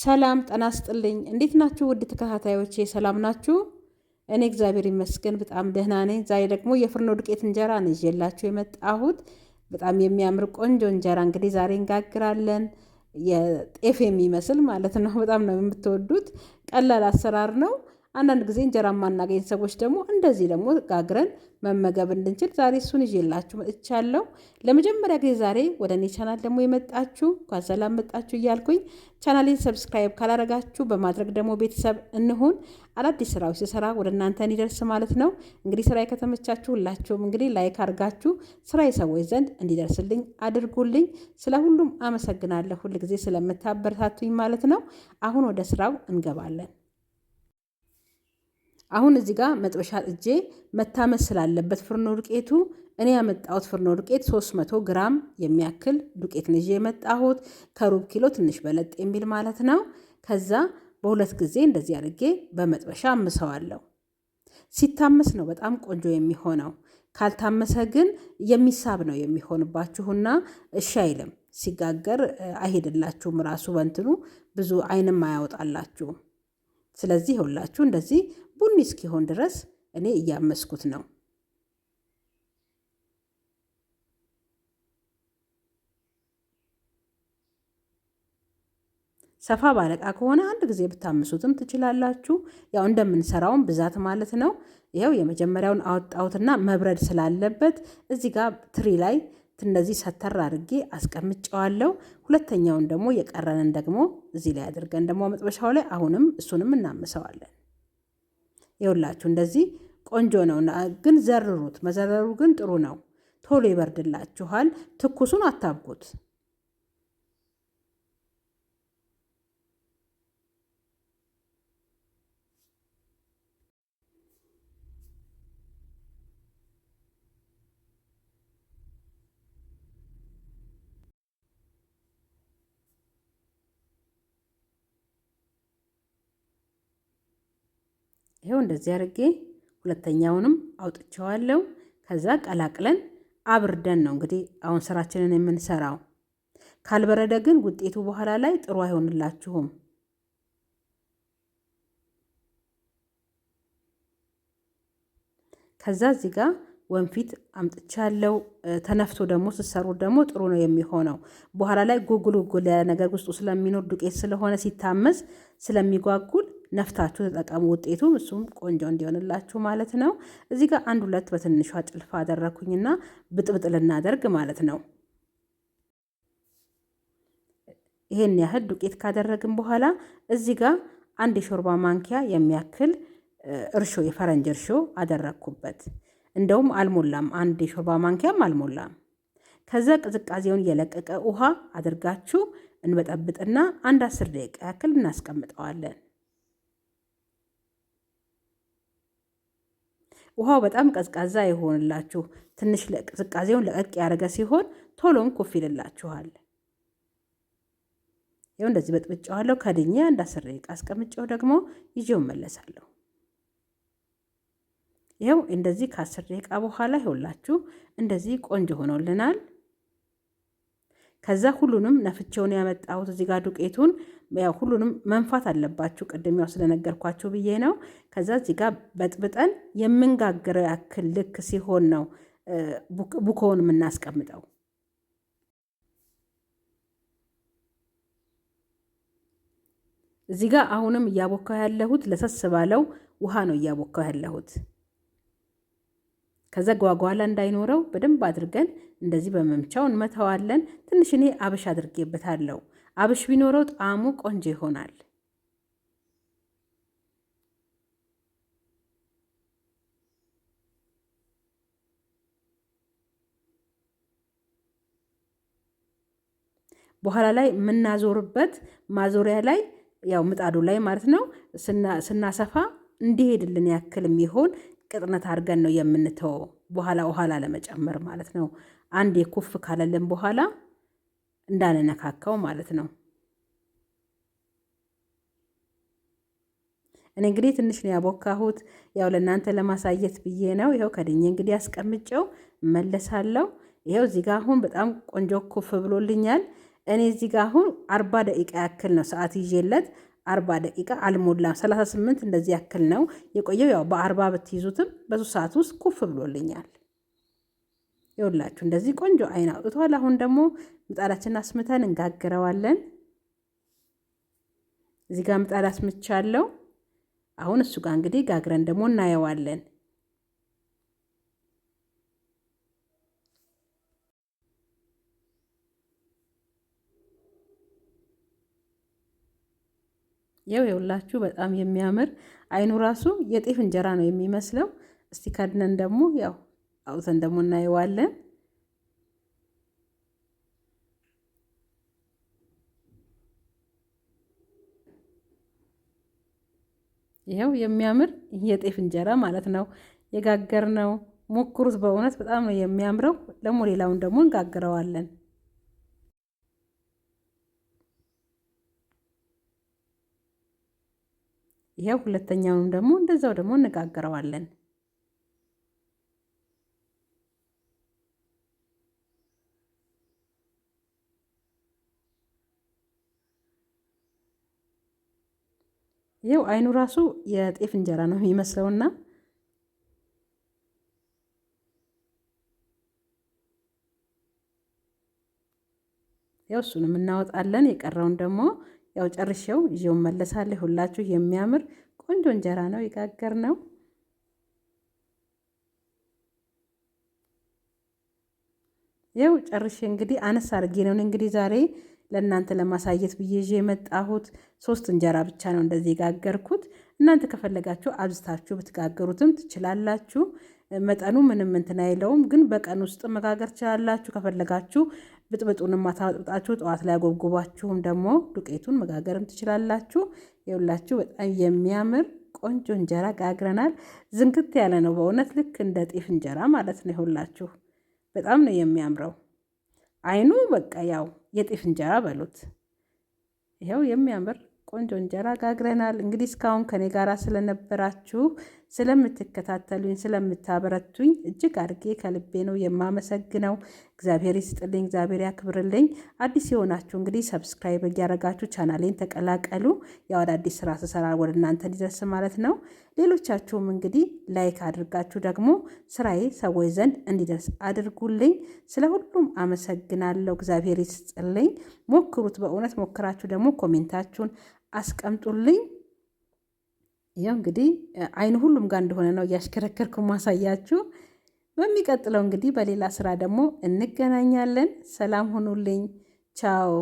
ሰላም ጠና ስጥልኝ። እንዴት ናችሁ ውድ ተከታታዮቼ? ሰላም ናችሁ? እኔ እግዚአብሔር ይመስገን በጣም ደህና ነኝ። ዛሬ ደግሞ የፍርኖ ዱቄት እንጀራ ነው ይዤላችሁ የመጣሁት። በጣም የሚያምር ቆንጆ እንጀራ እንግዲህ ዛሬ እንጋግራለን። የጤፍ የሚመስል ማለት ነው። በጣም ነው የምትወዱት። ቀላል አሰራር ነው። አንዳንድ ጊዜ እንጀራ ማናገኝ ሰዎች ደግሞ እንደዚህ ደግሞ ጋግረን መመገብ እንድንችል ዛሬ እሱን ይዤላችሁ መጥቻለሁ። ለመጀመሪያ ጊዜ ዛሬ ወደ እኔ ቻናል ደግሞ የመጣችሁ እንኳን ሰላም መጣችሁ እያልኩኝ ቻናሌን ሰብስክራይብ ካላረጋችሁ በማድረግ ደግሞ ቤተሰብ እንሁን። አዳዲስ ስራዎች ስሰራ ወደ እናንተ እንዲደርስ ማለት ነው። እንግዲህ ስራ ከተመቻችሁ ሁላችሁም እንግዲህ ላይክ አድርጋችሁ ስራ የሰዎች ዘንድ እንዲደርስልኝ አድርጉልኝ። ስለ ሁሉም አመሰግናለሁ፣ ሁል ጊዜ ስለምታበረታቱኝ ማለት ነው። አሁን ወደ ስራው እንገባለን። አሁን እዚህ ጋር መጥበሻ ጥጄ መታመስ ስላለበት ፍርኖ ዱቄቱ እኔ ያመጣሁት ፍርኖ ዱቄት 300 ግራም የሚያክል ዱቄት ነው ይዤ የመጣሁት ከሩብ ኪሎ ትንሽ በለጥ የሚል ማለት ነው። ከዛ በሁለት ጊዜ እንደዚህ አድርጌ በመጥበሻ አምሰዋለሁ። ሲታመስ ነው በጣም ቆንጆ የሚሆነው። ካልታመሰ ግን የሚሳብ ነው የሚሆንባችሁና እሺ አይልም። ሲጋገር አይሄድላችሁም። ራሱ በንትኑ ብዙ አይንም አያወጣላችሁም። ስለዚህ ሁላችሁ እንደዚህ ቡኒ እስኪሆን ድረስ እኔ እያመስኩት ነው። ሰፋ ባለቃ ከሆነ አንድ ጊዜ ብታምሱትም ትችላላችሁ። ያው እንደምንሰራውም ብዛት ማለት ነው። ይኸው የመጀመሪያውን አወጣሁትና መብረድ ስላለበት እዚህ ጋር ትሪ ላይ እንደዚህ ሰተር አድርጌ አስቀምጨዋለሁ። ሁለተኛውን ደግሞ የቀረንን ደግሞ እዚህ ላይ አድርገን ደግሞ መጥበሻው ላይ አሁንም እሱንም እናምሰዋለን። ይኸውላችሁ እንደዚህ ቆንጆ ነው፣ ግን ዘርሩት። መዘረሩ ግን ጥሩ ነው። ቶሎ ይበርድላችኋል። ትኩሱን አታብቁት። ይኸው እንደዚህ አድርጌ ሁለተኛውንም አውጥቼዋለሁ። ከዛ ቀላቅለን አብርደን ነው እንግዲህ አሁን ስራችንን የምንሰራው። ካልበረደ ግን ውጤቱ በኋላ ላይ ጥሩ አይሆንላችሁም። ከዛ እዚህ ጋር ወንፊት አምጥቻለው። ተነፍቶ ደግሞ ስሰሩ ደግሞ ጥሩ ነው የሚሆነው። በኋላ ላይ ጉጉል ጉጉል ነገር ውስጡ ስለሚኖር ዱቄት ስለሆነ ሲታመስ ስለሚጓጉል ነፍታችሁ ተጠቀሙ። ውጤቱ እሱም ቆንጆ እንዲሆንላችሁ ማለት ነው። እዚህ ጋር አንድ ሁለት በትንሿ ጭልፋ አደረኩኝና ብጥብጥ ልናደርግ ማለት ነው። ይሄን ያህል ዱቄት ካደረግን በኋላ እዚህ ጋር አንድ የሾርባ ማንኪያ የሚያክል እርሾ የፈረንጅ እርሾ አደረግኩበት። እንደውም አልሞላም፣ አንድ የሾርባ ማንኪያም አልሞላም። ከዛ ቅዝቃዜውን የለቀቀ ውሃ አድርጋችሁ እንበጠብጥና አንድ አስር ደቂቃ ያክል እናስቀምጠዋለን። ውሃው በጣም ቀዝቃዛ ይሆንላችሁ። ትንሽ ቅዝቃዜውን ለቀቅ ያደረገ ሲሆን ቶሎም ኩፍ ይልላችኋል። ይኸው እንደዚህ በጥብጫዋለሁ። ከድኜ አንድ አስር ደቂቃ አስቀምጬው ደግሞ ይዤው መለሳለሁ። ይኸው እንደዚህ ከአስር ደቂቃ በኋላ ይኸውላችሁ እንደዚህ ቆንጆ ሆኖልናል። ከዛ ሁሉንም ነፍቼውን ያመጣሁት እዚህ ጋር ዱቄቱን ሁሉንም መንፋት አለባችሁ። ቅድም ያው ስለነገርኳችሁ ብዬ ነው። ከዛ እዚህ ጋር በጥብጠን የምንጋግረው ያክል ልክ ሲሆን ነው ቡኮውን የምናስቀምጠው። እዚህ ጋር አሁንም እያቦካው ያለሁት ለሰስ ባለው ውሃ ነው እያቦካው ያለሁት። ከዛ ጓጓላ እንዳይኖረው በደንብ አድርገን እንደዚህ በመምቻው እንመተዋለን። ትንሽ እኔ አብሽ አድርጌበታለሁ። አብሽ ቢኖረው ጣዕሙ ቆንጆ ይሆናል። በኋላ ላይ የምናዞርበት ማዞሪያ ላይ ያው ምጣዱ ላይ ማለት ነው ስናሰፋ እንዲሄድልን ያክል የሚሆን ቅጥነት አድርገን ነው የምንተወው። በኋላ ውኋላ ለመጨመር ማለት ነው። አንዴ ኩፍ ካለልን በኋላ እንዳንነካካው ማለት ነው። እኔ እንግዲህ ትንሽ ነው ያቦካሁት፣ ያው ለእናንተ ለማሳየት ብዬ ነው። ይኸው ከድኜ እንግዲህ አስቀምጨው እመለሳለሁ። ይኸው እዚህ ጋር አሁን በጣም ቆንጆ ኩፍ ብሎልኛል። እኔ እዚህ ጋር አሁን አርባ ደቂቃ ያክል ነው ሰዓት ይዤለት፣ አርባ ደቂቃ አልሞላም፣ ሰላሳ ስምንት እንደዚህ ያክል ነው የቆየው። ያው በአርባ ብትይዙትም በሶስት ሰዓት ውስጥ ኩፍ ብሎልኛል። ይውላችሁ እንደዚህ ቆንጆ አይን አውጥቷል። አሁን ደግሞ ምጣዳችን አስምተን እንጋግረዋለን። እዚህ ጋር ምጣድ አስምቻለሁ። አሁን እሱ ጋር እንግዲህ ጋግረን ደግሞ እናየዋለን። የው የውላችሁ በጣም የሚያምር አይኑ ራሱ የጤፍ እንጀራ ነው የሚመስለው። እስቲ ከድነን ደግሞ ያው አውጥተን ደግሞ እናየዋለን። ይኸው የሚያምር የጤፍ እንጀራ ማለት ነው የጋገር ነው። ሞክሩት፣ በእውነት በጣም ነው የሚያምረው። ደግሞ ሌላውን ደግሞ እንጋግረዋለን። ይኸው ሁለተኛውንም ደግሞ እንደዛው ደግሞ እንጋግረዋለን። ይኸው አይኑ ራሱ የጤፍ እንጀራ ነው የሚመስለውና ያው እሱንም እናወጣለን። የቀረውን ደግሞ ያው ጨርሼው ይዤው መለሳለሁ። ሁላችሁ የሚያምር ቆንጆ እንጀራ ነው የጋገር ነው። ያው ጨርሼ እንግዲህ አነስ አድርጌ ነው እንግዲህ ዛሬ ለእናንተ ለማሳየት ብዬ ይዤ የመጣሁት ሶስት እንጀራ ብቻ ነው እንደዚህ የጋገርኩት። እናንተ ከፈለጋችሁ አብዝታችሁ ብትጋገሩትም ትችላላችሁ። መጠኑ ምንም እንትን አይለውም፣ ግን በቀን ውስጥ መጋገር ትችላላችሁ። ከፈለጋችሁ ብጥብጡን ማታወጣችሁ ጠዋት ላይ ጎብጉባችሁም ደግሞ ዱቄቱን መጋገርም ትችላላችሁ። የሁላችሁ በጣም የሚያምር ቆንጆ እንጀራ ጋግረናል። ዝንክት ያለ ነው በእውነት ልክ እንደ ጤፍ እንጀራ ማለት ነው። የሁላችሁ በጣም ነው የሚያምረው። አይኑ በቃ ያው የጤፍ እንጀራ በሉት። ይኸው የሚያምር ቆንጆ እንጀራ ጋግረናል። እንግዲህ እስካሁን ከኔ ጋራ ስለነበራችሁ ስለምትከታተሉኝ፣ ስለምታበረቱኝ እጅግ አድርጌ ከልቤ ነው የማመሰግነው። እግዚአብሔር ይስጥልኝ፣ እግዚአብሔር ያክብርልኝ። አዲስ የሆናችሁ እንግዲህ ሰብስክራይብ እያደረጋችሁ ቻናሌን ተቀላቀሉ። ያው አዳዲስ ስራ ስሰራ ወደ እናንተ ሊደርስ ማለት ነው። ሌሎቻችሁም እንግዲህ ላይክ አድርጋችሁ ደግሞ ስራዬ ሰዎች ዘንድ እንዲደርስ አድርጉልኝ። ስለ ሁሉም አመሰግናለሁ። እግዚአብሔር ይስጥልኝ። ሞክሩት፣ በእውነት ሞክራችሁ ደግሞ ኮሜንታችሁን አስቀምጡልኝ። ያው እንግዲህ አይን ሁሉም ጋር እንደሆነ ነው እያሽከረከርኩ ማሳያችሁ። በሚቀጥለው እንግዲህ በሌላ ስራ ደግሞ እንገናኛለን። ሰላም ሁኑልኝ። ቻው